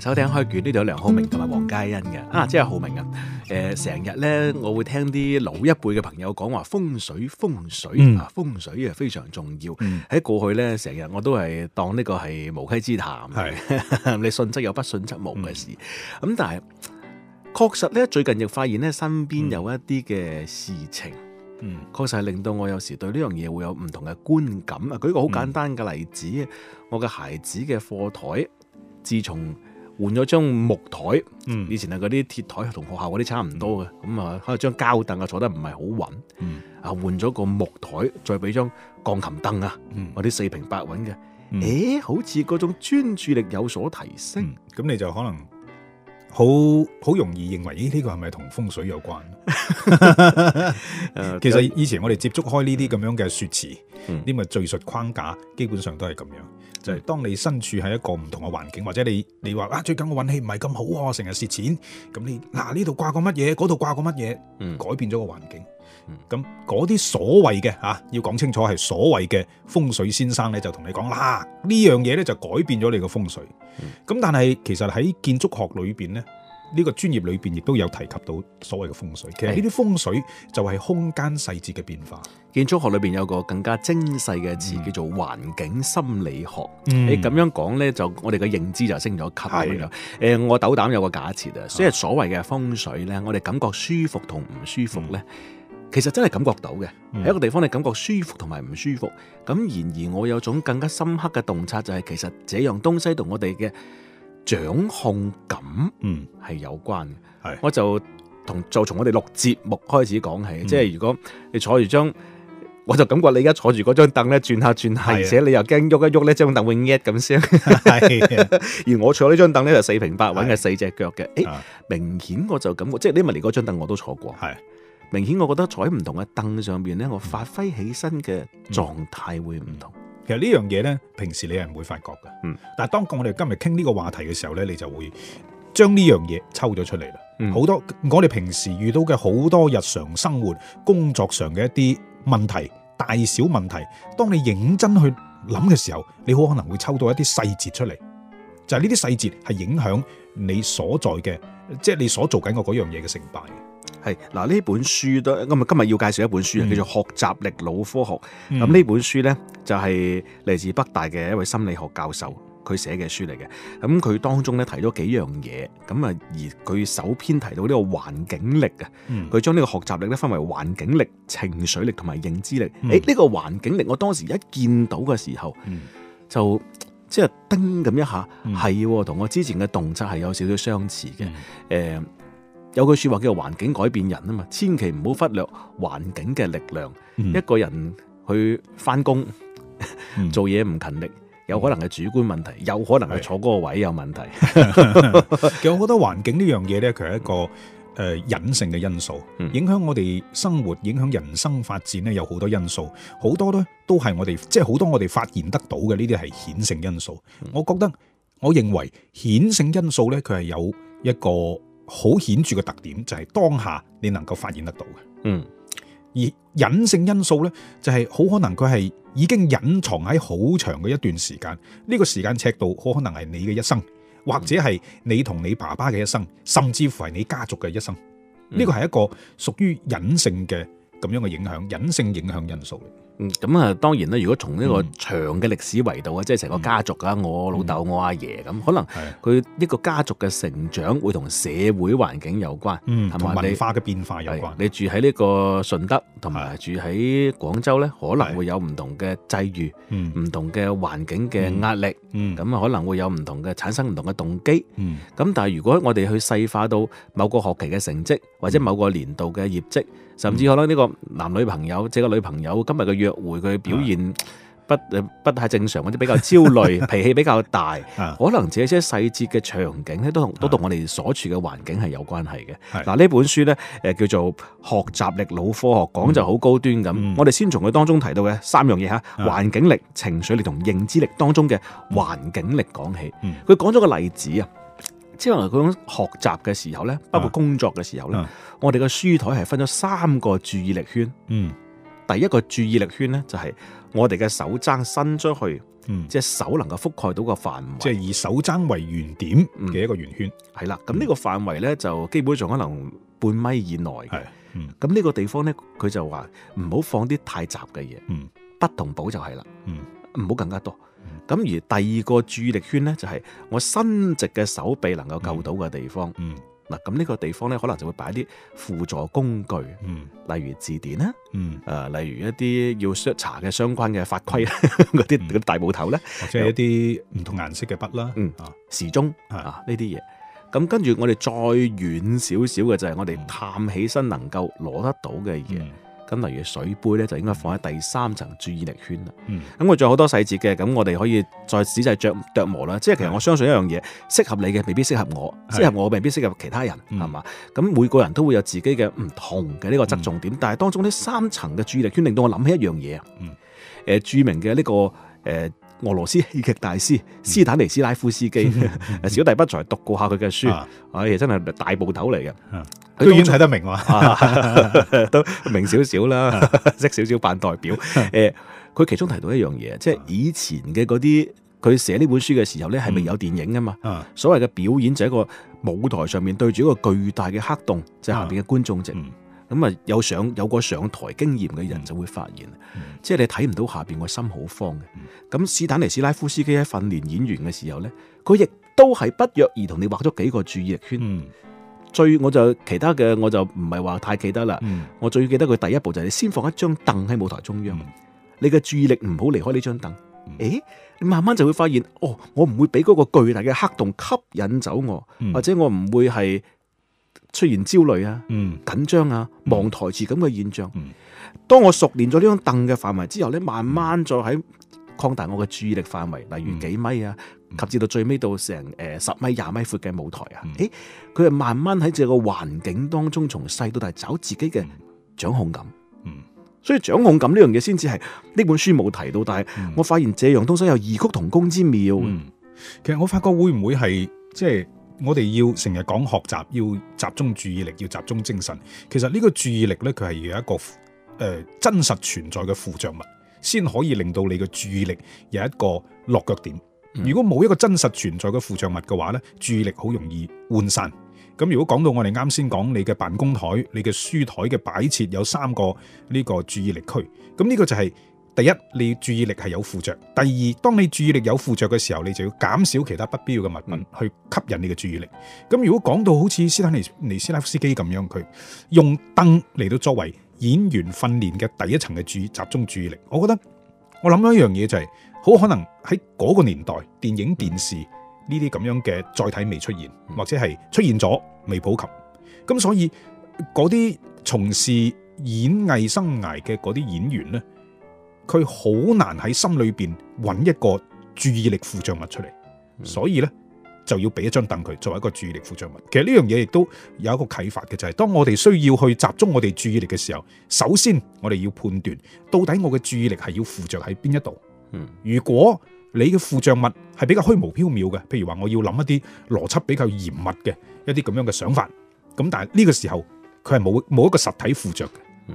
收聽開卷，呢度有梁浩明同埋黃佳欣嘅啊，即係浩明啊，誒、呃，成日咧我會聽啲老一輩嘅朋友講話風水，風水，嗯啊、風水啊非常重要。喺、嗯、過去咧，成日我都係當呢個係無稽之談，係是 你信則有，不信則無嘅事。咁、嗯、但係確實咧，最近亦發現咧，身邊有一啲嘅事情，嗯，嗯確實係令到我有時對呢樣嘢會有唔同嘅觀感啊。舉個好簡單嘅例子，我嘅孩子嘅課台，自從換咗張木台，嗯、以前係嗰啲鐵台同學校嗰啲差唔多嘅，咁啊、嗯、可能張膠凳啊坐得唔係好穩，啊換咗個木台，再俾張鋼琴凳啊，嗰啲、嗯、四平八穩嘅，誒、嗯欸、好似嗰種專注力有所提升，咁、嗯、你就可能好好容易認為，咦呢個係咪同風水有關？ 其實以前我哋接觸開呢啲咁樣嘅說辭。呢個敘述框架基本上都係咁樣，就係當你身處喺一個唔同嘅環境，或者你你話啊最近嘅運氣唔係咁好啊，成日蝕錢，咁你嗱呢度掛個乜嘢，嗰度掛個乜嘢，改變咗個環境，咁嗰啲所謂嘅嚇，要講清楚係所謂嘅風水先生咧，就同你講啦，呢樣嘢咧就改變咗你嘅風水，咁但係其實喺建築學裏邊咧。呢個專業裏邊亦都有提及到所謂嘅風水，其實呢啲風水就係空間細節嘅變化。嗯、建築學裏邊有個更加精細嘅詞叫做環境心理學。你咁、嗯、樣講呢，就我哋嘅認知就升咗級的、呃、我斗膽有個假設啊，所以所謂嘅風水呢，我哋感覺舒服同唔舒服呢，嗯、其實真係感覺到嘅。喺、嗯、一個地方你感覺舒服同埋唔舒服，咁然而我有種更加深刻嘅洞察，就係、是、其實呢樣東西同我哋嘅掌控感。嗯，係有關嘅，係的我就同就從我哋錄節目開始講起，的即係如果你坐住張，我就感覺你而家坐住嗰張凳咧，轉下轉下，的而且你又驚喐一喐呢張凳會 at 咁聲。係，的 而我坐呢張凳咧就四平八穩嘅的四隻腳嘅，誒，的明顯我就感覺，即係你咪嚟嗰張凳我都坐過，係的，明顯我覺得坐喺唔同嘅凳上邊咧，我發揮起身嘅狀態會唔同，嗯。其實呢樣嘢咧，平時你係唔會發覺嘅，嗯，但係當我哋今日傾呢個話題嘅時候咧，你就會。將呢樣嘢抽咗出嚟啦，好、嗯、多我哋平時遇到嘅好多日常生活、工作上嘅一啲問題，大小問題，當你認真去諗嘅時候，你好可能會抽到一啲細節出嚟，就係呢啲細節係影響你所在嘅，即、就、係、是、你所做緊嘅嗰樣嘢嘅成敗。係嗱，呢本書都咁啊，今日要介紹一本書啊，嗯、叫做《學習力腦科學》。咁呢、嗯、本書呢，就係嚟自北大嘅一位心理學教授。佢寫嘅書嚟嘅，咁、嗯、佢當中咧提咗幾樣嘢，咁、嗯、啊而佢首篇提到呢個環境力啊，佢將呢個學習力咧分為環境力、情緒力同埋認知力。誒呢、嗯欸呢個環境力，我當時一見到嘅時候，嗯、就即係、就是、叮咁一下，係同、嗯哦、我之前嘅動作係有少少相似嘅。誒、嗯欸、有句説話叫做環境改變人啊嘛，千祈唔好忽略環境嘅力量。一個人去翻工做嘢唔勤力。有可能係主觀問題，有可能係坐嗰個位有問題。 其實我覺得環境呢樣嘢呢，佢係一個誒隱性嘅因素，影響我哋生活、影響人生發展呢，有好多因素，好多呢都係我哋即係好多我哋發現得到嘅呢啲係顯性因素。我覺得我認為顯性因素呢，佢係有一個好顯著嘅特點，就係當下你能夠發現得到嘅。嗯。而隱性因素呢，就係、是、好可能佢係已經隱藏喺好長嘅一段時間，呢、這個時間尺度好可能係你嘅一生，或者係你同你爸爸嘅一生，甚至乎係你家族嘅一生。呢、這個係一個屬於隱性嘅咁樣嘅影響，隱性影響因素。嗯，咁、嗯、啊，嗯、當然啦，如果從呢個長嘅歷史維度啊，嗯、即係成個家族啊，我老豆、嗯、我阿爺咁，可能佢呢個家族嘅成長會同社會環境有關，同、嗯、文化嘅變化有關。你住喺呢個順德同埋住喺廣州呢，可能會有唔同嘅際遇，唔、嗯、同嘅環境嘅壓力，咁啊、嗯嗯、可能會有唔同嘅產生唔同嘅動機。咁、嗯嗯、但係如果我哋去細化到某個學期嘅成績或者某個年度嘅業績。甚至可能呢個男女朋友，這個、嗯、女朋友今日嘅約會佢表現不唔、嗯呃、不太正常，或者比較焦慮、 脾氣比較大，嗯、可能這些細節嘅場景咧都同、嗯、都同我哋所處嘅環境係有關係嘅。嗱、嗯啊，呢本書咧誒叫做《學習力腦科學》，講就好高端咁。嗯、我哋先從佢當中提到嘅三樣嘢吓，環境力、情緒力同認知力當中嘅環境力講起。佢、嗯嗯嗯、講咗個例子啊。即係話嗰種學習嘅時候咧，包括工作嘅時候咧，啊啊、我哋嘅書台係分咗三個注意力圈。嗯，第一個注意力圈咧就係我哋嘅手踭伸出去，即隻、嗯、手能夠覆蓋到個範圍，即係以手踭為原點嘅一個圓圈。係啦、嗯，咁呢個範圍咧就基本上可能半米以內嘅。咁呢、嗯、個地方咧，佢就話唔好放啲太雜嘅嘢。嗯，不同簿就係啦。嗯，唔好更加多。咁、嗯、而第二個注意力圈咧，就係、是、我伸直嘅手臂能夠夠到嘅地方。嗯，嗱、啊，咁、這、呢個地方咧，可能就會擺啲輔助工具。嗯，例如字典啦。嗯。誒、啊，例如一啲要查嘅相關嘅法規，嗰啲嗰啲大部頭咧，或者一啲唔同顏色嘅筆啦、啊嗯。嗯。時鐘啊，呢啲嘢。咁跟住我哋再遠少少嘅就係我哋探起身能夠攞得到嘅嘢。咁例如水杯咧，就應該放喺第三層注意力圈啦。咁我仲有好多細節嘅，咁我哋可以再仔細著琢磨啦。即係其實我相信一樣嘢，適合你嘅未必適合我，適合我未必適合其他人，係嘛？咁每個人都會有自己嘅唔同嘅呢個側重點，但係當中呢三層嘅注意力圈，令到我諗起一樣嘢啊。誒，著名嘅呢個誒俄羅斯戲劇大師斯坦尼斯拉夫斯基，小弟不才讀過下佢嘅書，啊，其實真係大部頭嚟嘅。居然睇得明嘛？ 都明少少啦，識 少少扮代表。誒、 呃，佢其中提到一樣嘢，即係以前嘅嗰啲，佢寫呢本書嘅時候咧，係未有電影啊嘛。 所謂嘅表演就係一個舞台上面對住一個巨大嘅黑洞，就係、是、下邊嘅觀眾席。咁啊，有上有個上台經驗嘅人就會發現， 即係你睇唔到下邊，個心好慌嘅。咁斯坦尼斯拉夫斯基喺訓練演員嘅時候咧，佢亦都係不約而同你畫咗幾個注意力圈。 最我就其他嘅我就唔係話太記得啦。嗯、我最記得佢第一步就係你先放一張凳喺舞台中央，嗯、你嘅注意力唔好離開呢張凳。嗯、誒，你慢慢就會發現，哦，我唔會俾嗰個巨大嘅黑洞吸引走我，嗯、或者我唔會係出現焦慮啊、嗯、緊張啊、忘台詞咁嘅現象。嗯嗯、當我熟練咗呢張凳嘅範圍之後咧，你慢慢再喺擴大我嘅注意力範圍，例如幾米啊。嗯嗯、及至到最尾，到成誒十米、廿米闊嘅舞台啊！誒、嗯，佢係、欸、慢慢喺這個環境當中，從細到大，找自己嘅掌控感。嗯，所以掌控感呢樣嘢先至係呢本書冇提到，嗯、但係我發現這樣東西有異曲同工之妙、嗯。其實我發覺會唔會係即係我哋要成日講學習，要集中注意力，要集中精神。其實呢個注意力咧，佢係要有一個誒、呃、真實存在嘅附着物，先可以令到你嘅注意力有一個落腳點。如果冇一個真實存在嘅附着物嘅話咧，注意力好容易渙散。咁如果講到我哋啱先講你嘅辦公台、你嘅書台嘅擺設有三個呢個注意力區，咁呢個就係、是、第一，你注意力係有附着；第二，當你注意力有附着嘅時候，你就要減少其他不必要嘅物品、嗯、去吸引你嘅注意力。咁如果講到好似斯坦尼尼斯拉夫斯基咁樣，佢用燈嚟到作為演員訓練嘅第一層嘅注意集中注意力，我覺得我諗到一樣嘢就係、是。好可能喺嗰個年代，電影、電視呢啲咁樣嘅載體未出現，或者係出現咗未普及，咁所以嗰啲從事演藝生涯嘅嗰啲演員咧，佢好難喺心裏邊揾一個注意力附着物出嚟。嗯、所以咧就要俾一張凳佢作為一個注意力附着物。其實呢樣嘢亦都有一個啟發嘅，就係、是、當我哋需要去集中我哋注意力嘅時候，首先我哋要判斷到底我嘅注意力係要附着喺邊一度。如果你嘅附着物係比較虛無縹緲嘅，譬如話我要諗一啲邏輯比較嚴密嘅一啲咁樣嘅想法，咁但係呢個時候佢係冇冇一個實體附着嘅，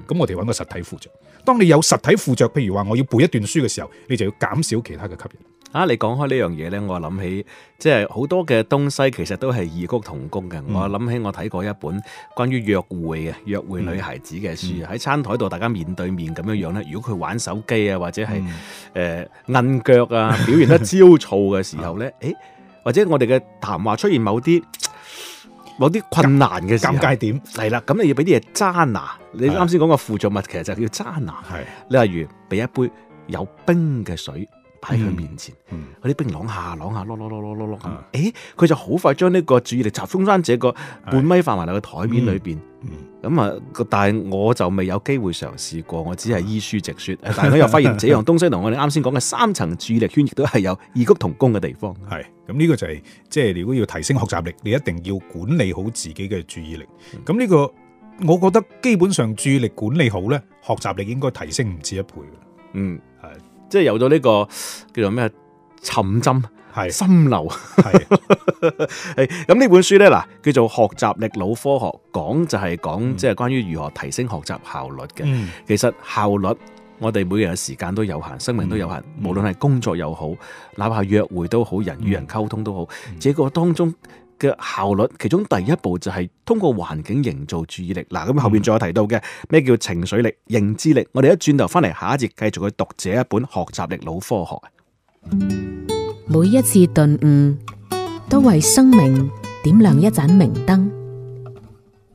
咁我哋揾個實體附着。當你有實體附着，譬如話我要背一段書嘅時候，你就要減少其他嘅吸引。啊！你講開呢樣嘢咧，我諗起即係好多嘅東西，其實都係異曲同工嘅。嗯、我諗起我睇過一本關於約會嘅約會女孩子嘅書，喺、嗯、餐台度大家面對面咁樣樣咧。如果佢玩手機啊，或者係誒摁腳啊，表現得焦躁嘅時候咧，誒、嗯欸，或者我哋嘅談話出現某啲 某啲困難嘅尷尬點，係啦。咁你要俾啲嘢渣拿，你啱先講個輔助物，其實就叫渣拿。係，你例如俾一杯有冰嘅水。對擺喺佢面前，佢啲、嗯、冰榔下榔下，碌碌碌碌碌碌咁，誒，佢是的、欸、就好快將呢個注意力集中翻喺這個半米範圍嘅台面裏邊。咁啊、嗯，但係我就未有機會嘗試過，我只係依書直說。啊、但係佢又發現，呢樣東西同我哋啱先講嘅三層注意力圈，亦都係有異曲同工嘅地方。係，咁呢個就係、是、即係如果要提升學習力，你一定要管理好自己嘅注意力。咁呢、這個我覺得基本上注意力管理好咧，學習力應該提升唔止一倍。嗯。即係有咗呢個叫做咩啊？尋針係，心流係。咁呢 本書咧，嗱叫做《學習力腦科學》，講就係講即係關於如何提升學習效率嘅。嗯、其實效率，我哋每日嘅時間都有限，生命都有限。嗯、無論係工作又好，哪怕約會都好，人與人溝通都好，嗯、這個當中。嘅效率，其中第一步就係通過環境營造注意力。嗱，咁後面仲有提到嘅咩叫情緒力、認知力。我哋一轉頭翻嚟，下一節，繼續去讀這一本《學習力腦科學》。每一次頓悟，都為生命點亮一盞明燈。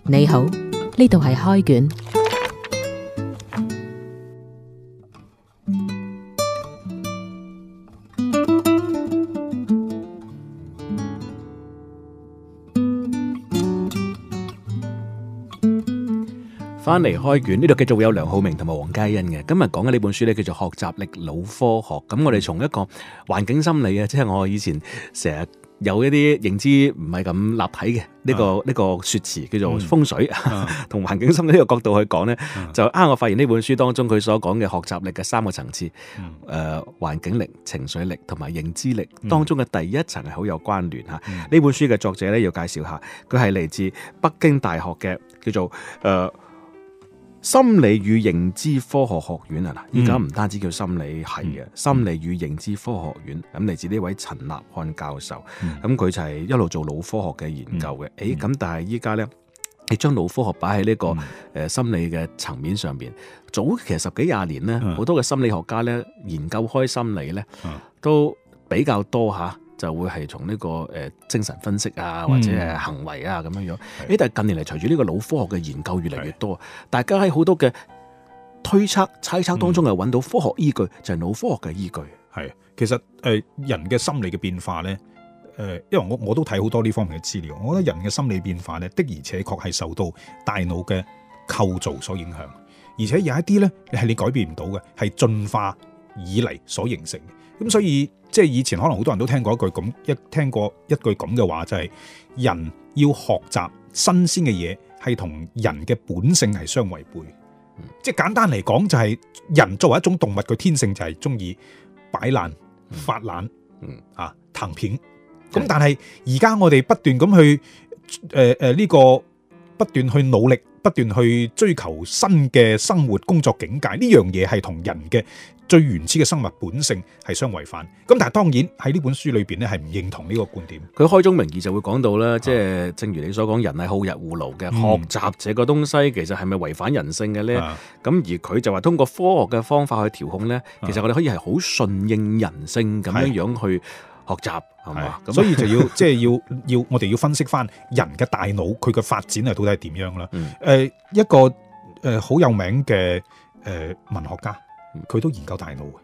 你好，呢度係開卷。翻嚟開卷呢度繼續會有梁浩明同埋黃嘉欣嘅。今日講嘅呢本書咧叫做《學習力腦科學》。咁我哋從一個環境心理啊，即、就、係、是、我以前成日有一啲認知唔係咁立體嘅呢、這個呢、啊、個説詞，叫做風水同、啊嗯啊、環境心理呢個角度去講咧，啊、就啱我發現呢本書當中佢所講嘅學習力嘅三個層次，誒、嗯呃、環境力、情緒力同埋認知力當中嘅第一層係好有關聯嚇。呢、嗯嗯、本書嘅作者咧要介紹下，佢係嚟自北京大學嘅叫做誒。呃心理與認知科學學院啊，嗱，依家唔單止叫心理系嘅，嗯、心理與認知科學院，咁嚟自呢位陳立翰教授，咁佢、嗯、就係一路做腦科學嘅研究嘅，誒、嗯，咁、欸、但係依家呢，你將腦科學擺喺呢個誒、嗯呃、心理嘅層面上面，早其實十幾廿年呢，好的多嘅心理學家呢，研究開心理呢，的都比較多吓。就會係從呢個誒精神分析啊，或者係行為啊咁、嗯、樣樣。誒的，但係近年嚟隨住呢個腦科學嘅研究越嚟越多，的大家喺好多嘅推測、猜測當中係揾到科學依據，嗯、就係腦科學嘅依據。係，其實誒人嘅心理嘅變化咧，誒因為我我都睇好多呢方面嘅資料，我覺得人嘅心理變化咧的而且確係受到大腦嘅構造所影響，而且有一啲咧係你改變唔到嘅，係進化以嚟所形成嘅。咁所以即係以前可能好多人都聽過一句咁，一聽過一句咁嘅話就係、是、人要學習新鮮嘅嘢係同人嘅本性係相違背。即係、嗯、簡單嚟講，就係、是、人作為一種動物，佢天性就係中意擺爛發爛、嗯、啊躺平。咁的但係而家我哋不斷咁去誒誒呢個。不斷去努力，不斷去追求新嘅生活工作境界，呢樣嘢係同人嘅最原始嘅生物本性係相違反。咁但係當然喺呢本書裏邊咧係唔認同呢個觀點。佢開宗明義就會講到啦，即係正如你所講，人係好逸惡勞嘅，學習這個東西其實係咪違反人性嘅呢？咁、嗯、而佢就話通過科學嘅方法去調控呢，嗯、其實我哋可以係好順應人性咁樣樣去學習。係嘛，是是所以就要即係、就是、要要我哋要分析翻人嘅大腦佢嘅發展係到底係點樣啦。誒、嗯呃，一個誒好、呃、有名嘅誒、呃、文學家，佢都研究大腦嘅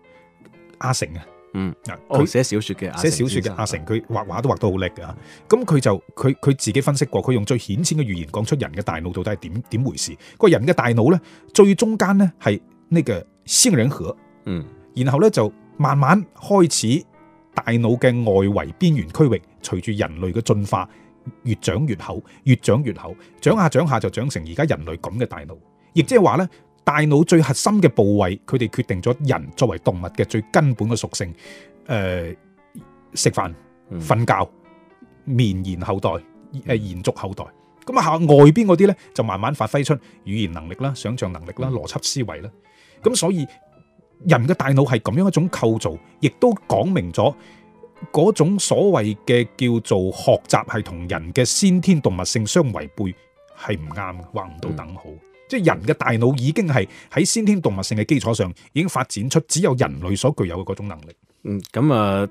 阿成啊，嗯，佢寫小說嘅，寫小說嘅阿成，佢畫畫都畫得好叻㗎。咁佢、嗯、就佢佢自己分析過，佢用最顯淺嘅語言講出人嘅大腦到底係點點回事。那個人嘅大腦咧最中間咧係呢個杏仁核，嗯，然後咧就慢慢開始。大腦嘅外圍邊緣區域，隨住人類嘅進化越長越厚，越長越厚，長下長下就長成而家人類咁嘅大腦。亦即係話呢大腦最核心嘅部位，佢哋決定咗人作為動物嘅最根本嘅屬性，誒、呃，食飯、瞓覺、綿延後代、誒延續後代。咁啊，外邊嗰啲呢，就慢慢發揮出語言能力啦、想象能力啦、邏輯思維啦。咁所以。人嘅大腦係咁樣一種構造，亦都講明咗嗰種所謂嘅叫做學習係同人嘅先天動物性相違背，係唔啱嘅，畫唔到等號。即係人嘅大腦已經係喺先天動物性嘅基礎上，已經發展出只有人類所具有嘅嗰種能力。嗯，咁啊，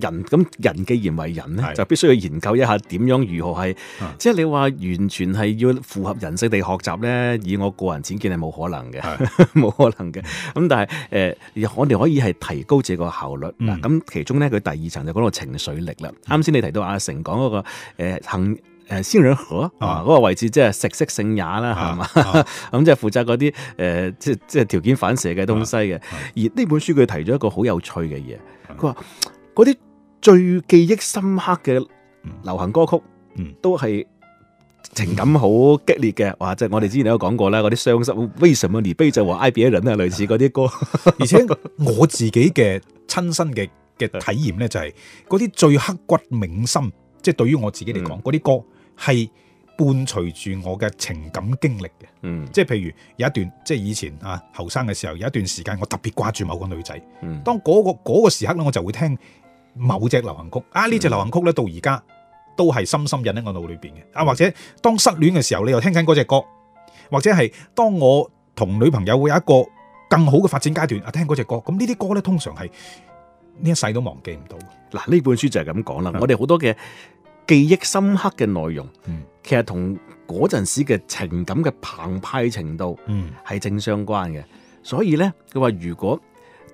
人咁人既然為人咧，的就必須要研究一下點樣如何係，即係你話完全係要符合人性地學習咧，以我個人淺見係冇可能嘅，冇的 可能嘅。咁但係誒、呃，我哋可以係提高自己個效率嗱。咁、嗯、其中咧，佢第二層就講到情緒力啦。啱先、嗯、你提到阿成講嗰、那個誒、呃、行。誒先兩河啊，嗰個位置即係食色性也啦，係嘛？咁即係負責嗰啲誒，即即係條件反射嘅東西嘅。而呢本書佢提咗一個好有趣嘅嘢，佢話嗰啲最記憶深刻嘅流行歌曲，都係情感好激烈嘅。哇！即係我哋之前都講過啦，嗰啲傷心《為什麼你悲就話《Ibex》啊，類似嗰啲歌。而且我自己嘅親身嘅嘅體驗咧，就係嗰啲最刻骨銘心，即係對於我自己嚟講，嗰啲歌，係伴隨住我嘅情感經歷嘅，即係譬如有一段即係以前啊後生嘅時候，有一段時間我特別掛住某個女仔，當嗰個嗰個時刻咧，我就會聽某隻流行曲，啊呢隻流行曲咧到而家都係深深印喺我腦裏邊嘅。啊或者當失戀嘅時候，你又聽緊嗰隻歌，或者係當我同女朋友會有一個更好嘅發展階段啊，聽嗰隻歌，咁呢啲歌咧通常係呢一世都忘記唔到。嗱呢本書就係咁講啦，我哋好多嘅。記憶深刻嘅內容，嗯、其實同嗰陣時嘅情感嘅澎湃程度係正相關嘅。嗯、所以咧，佢話如果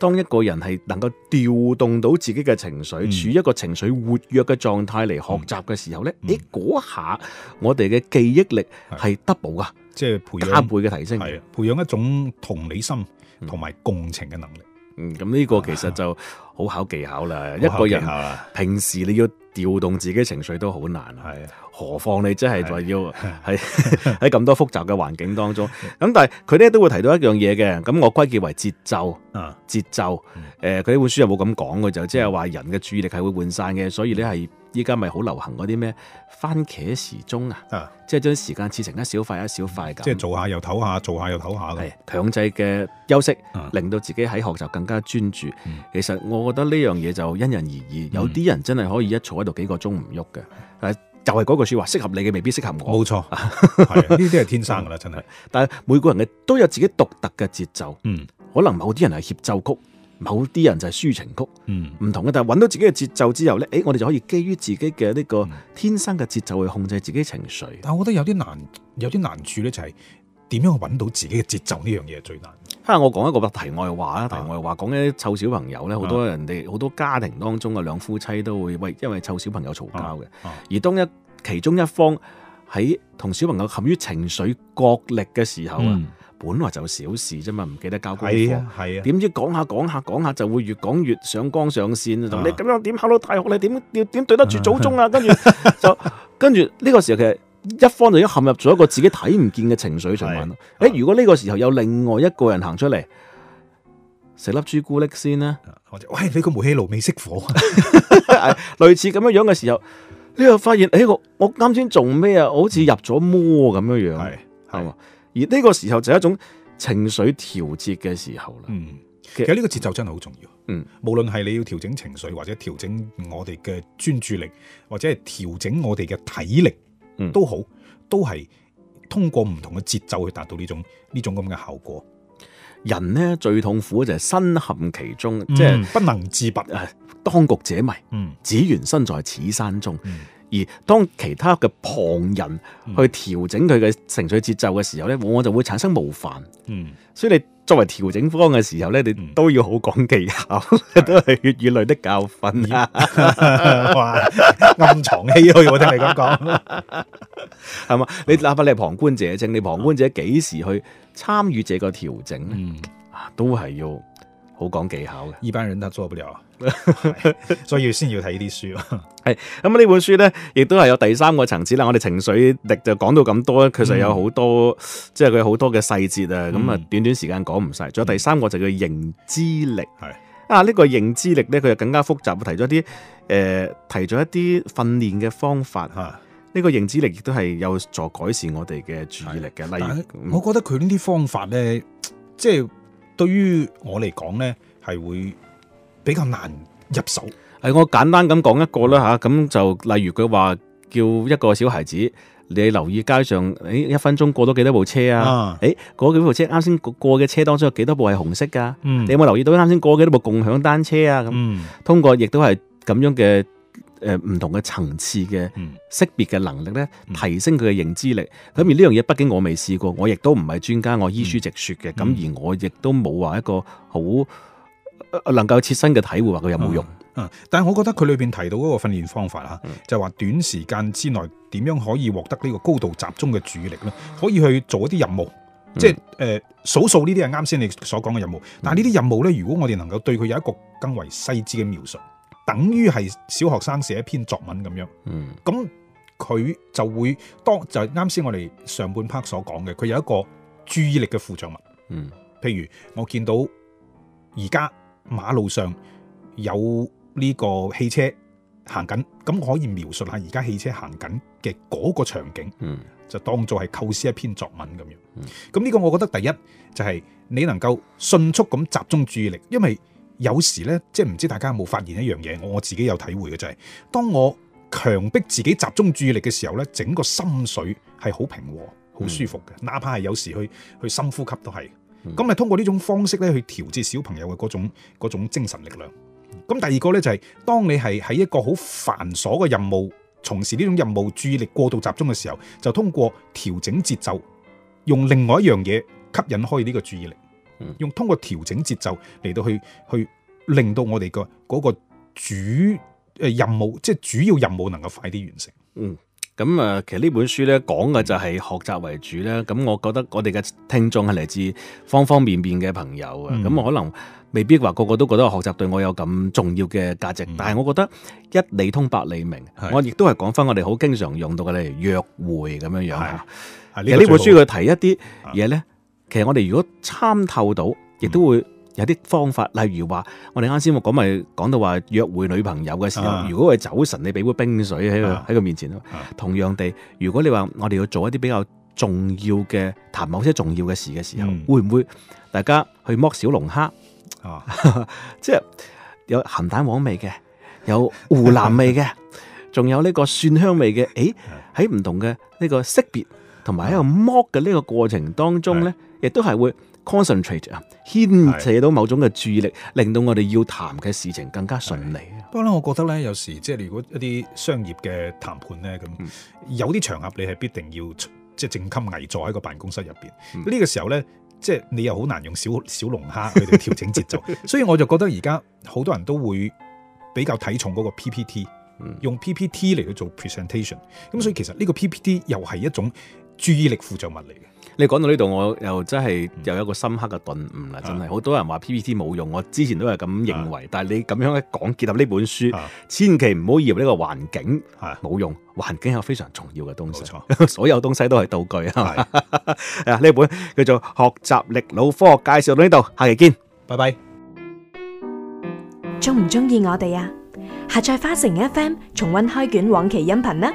當一個人係能夠調動到自己嘅情緒，嗯、處於一個情緒活躍嘅狀態嚟學習嘅時候咧，誒嗰、嗯嗯、下我哋嘅記憶力係 double 噶，即係加倍嘅提升，培養一種同理心同埋共情嘅能力。嗯嗯嗯，咁、這、呢個其實就好考技巧啦。 一個人平時你要調動自己情緒都好難係 何況你真係話要喺喺咁多複雜嘅環境當中。咁但係佢咧都會提到一樣嘢嘅，咁我歸結為節奏啊， 節奏。誒、 呃，佢呢本書有冇咁講嘅，就即係話人嘅注意力係會渙散嘅，所以咧係。依家咪好流行嗰啲咩番茄時鐘啊，啊即係將時間切成一小塊一小塊咁。即係、嗯就係、做下又唞下，做下又唞下嘅。強制嘅休息，啊、令到自己喺學習更加專注。嗯、其實我覺得呢樣嘢就因人而異，嗯、有啲人真係可以一坐喺度幾個鐘唔喐嘅。誒、嗯，但就係嗰句説話，適合你嘅未必適合我。冇錯，係呢啲係天生㗎啦，真係、嗯。但係每個人嘅都有自己獨特嘅節奏，嗯、可能某啲人係協奏曲。某啲人就係抒情曲，唔、嗯、同嘅。但係揾到自己嘅節奏之後咧，誒，我哋就可以基於自己嘅呢個天生嘅節奏去控制自己情緒。但我覺得有啲難，有啲難處咧就係點樣去揾到自己嘅節奏呢樣嘢係最難。吓、啊，我講一個題外話啦，題外話講緊，湊、啊、小朋友咧，好多人哋好、啊、多家庭當中嘅兩夫妻都會喂，因為湊小朋友嘈交嘅，啊啊、而當一其中一方喺同小朋友陷於情緒角力嘅時候啊。嗯本來就小事啫嘛，唔記得交功課。係啊，係啊。點知講下講下講下就會越講越上綱上線。同你咁樣點考到大學，你點點對得住祖宗啊？跟住就跟住呢個時候，其實一方就已經陷入咗一個自己睇唔見嘅情緒循環咯。誒、啊欸，如果呢個時候有另外一個人行出嚟，食粒朱古力先啦。或者喂，你個煤氣爐未熄火？ 類似咁樣樣嘅時候，你又發現誒、欸，我我啱先做咩啊？我好似入咗魔咁樣樣，係係、啊。而呢個時候就係一種情緒調節嘅時候啦。嗯，其實呢個節奏真係好重要。嗯，無論係你要調整情緒，或者調整我哋嘅專注力，或者係調整我哋嘅體力，都好，都係通過唔同嘅節奏去達到呢種呢種咁嘅效果。人呢最痛苦就係身陷其中，即係、嗯就係、不能自拔啊、呃！當局者迷，嗯，只緣身在此山中。嗯。而當其他嘅旁人去調整佢嘅情緒節奏嘅時候咧，嗯、往往就會產生冒犯。嗯，所以你作為調整方嘅時候咧，你都要好講技巧，嗯、 都係血與淚的教訓啊！暗藏唏噓， 我聽你咁講，係嘛？ 你哪怕你係旁觀者清，你旁觀者幾時去參與這個調整咧、嗯？都係要。好講技巧嘅，一般人都做不了，所以先要睇呢啲書。係咁呢本書咧，亦都係有第三個層次啦。我哋情緒力就講到咁多，其實有好多，即係佢好多嘅細節啊。咁啊，短短時間講唔晒。仲有第三個就叫認知力，係啊，呢個認知力咧，佢就更加複雜，提咗啲誒，提咗一啲訓練嘅方法。吓，呢個認知力亦都係有助改善我哋嘅注意力嘅。例如，我覺得佢呢啲方法咧，即係。對於我嚟講咧，係會比較難入手。誒，我簡單咁講一個啦吓，咁就例如佢話叫一個小孩子，你留意街上誒，一分鐘過咗幾多部車啊？誒，嗰幾部車啱先，啊，過嘅車當中有幾多部係紅色噶？嗯，你有冇留意到啱先過幾多部共享單車啊？咁，嗯，通過亦都係咁樣嘅。誒，唔、呃、同嘅層次嘅、嗯、識別嘅能力咧，提升佢嘅認知力。咁、嗯、而呢樣嘢，畢竟我未試過，我亦都唔係專家，我依書直說嘅。咁、嗯、而我亦都冇話一個好能夠切身嘅體會，話佢有冇用嗯。嗯，但係我覺得佢裏邊提到嗰個訓練方法吓，嗯、就係話短時間之內點樣可以獲得呢個高度集中嘅注意力咧，可以去做一啲任務，嗯嗯、即係誒，數數呢啲係啱先你所講嘅任務。但係呢啲任務咧，如果我哋能夠對佢有一個更為細緻嘅描述，述。等於係小學生寫一篇作文咁樣，咁佢、嗯、就會當就啱先我哋上半 part 所講嘅，佢有一個注意力嘅附著物。嗯，譬如我見到而家馬路上有呢個汽車行緊，咁我可以描述下而家汽車行緊嘅嗰個場景，嗯、就當做係構思一篇作文咁樣。咁呢、嗯、個我覺得第一就係、是、你能夠迅速咁集中注意力，因為有時咧，即係唔知大家有冇發現一樣嘢，我自己有體會嘅就係、是，當我強迫自己集中注意力嘅時候咧，整個心水係好平和、好舒服嘅，嗯、哪怕係有時去去深呼吸都係。咁咪、嗯、通過呢種方式咧去調節小朋友嘅嗰種嗰種精神力量。咁、嗯、第二個咧就係、是，當你係喺一個好繁瑣嘅任務，從事呢種任務注意力過度集中嘅時候，就通過調整節奏，用另外一樣嘢吸引開呢個注意力。用通過調整節奏嚟到去去令到我哋個嗰個主誒任務，即係主要任務能夠快啲完成。嗯，咁誒，其實呢本書咧講嘅就係學習為主咧。咁、嗯、我覺得我哋嘅聽眾係嚟自方方面面嘅朋友嘅。咁、嗯、可能未必話個個都覺得學習對我有咁重要嘅價值，嗯、但係我覺得一理通百理明，、嗯。我亦都係講翻我哋好經常用到嘅，例如約會咁的樣樣的的其實呢本書佢提一啲嘢咧。的其實我哋如果參透到，亦都會有啲方法，例如話我哋啱先我講咪講到話約會女朋友嘅時候，如果係走神，你俾杯冰水喺佢喺佢面前、啊、同樣地，如果你話我哋要做一啲比較重要嘅談某些重要嘅事嘅時候，嗯、會唔會大家去剝小龍蝦？哦、啊， 即係有咸蛋黃味嘅，有湖南味嘅，仲 有呢個蒜香味嘅。誒，喺唔同嘅呢個識別同埋喺度剝嘅呢個過程當中咧。啊嗯亦都係會 concentrate 啊，牽扯到某種嘅注意力，是令到我哋要談嘅事情更加順利。不過咧，我覺得咧，有時即係如果一啲商業嘅談判咧，咁、嗯、有啲場合你係必定要即係正襟危坐喺個辦公室入邊。呢、嗯、個時候咧，即、就、係、是、你又好難用小小龍蝦去調整節奏。 所以我就覺得而家好多人都會比較睇重嗰個 PPT，、嗯、用 PPT 嚟去做 presentation、嗯。咁所以其實呢個 PPT 又係一種注意力輔助物嚟嘅。你講到呢度，我又真係有一個深刻嘅頓悟啦！真係，好的多人話 PPT 冇用，我之前都係咁認為。的但係你咁樣一講，結合呢本書，的千祈唔好以為呢個環境冇的用，環境有非常重要嘅東西。錯所有東西都係道具啊呢的的 本叫做《學習力腦科學》，介紹到呢度，下期見，拜拜。中唔中意我哋啊？下載花城 FM，重溫開卷往期音頻呢。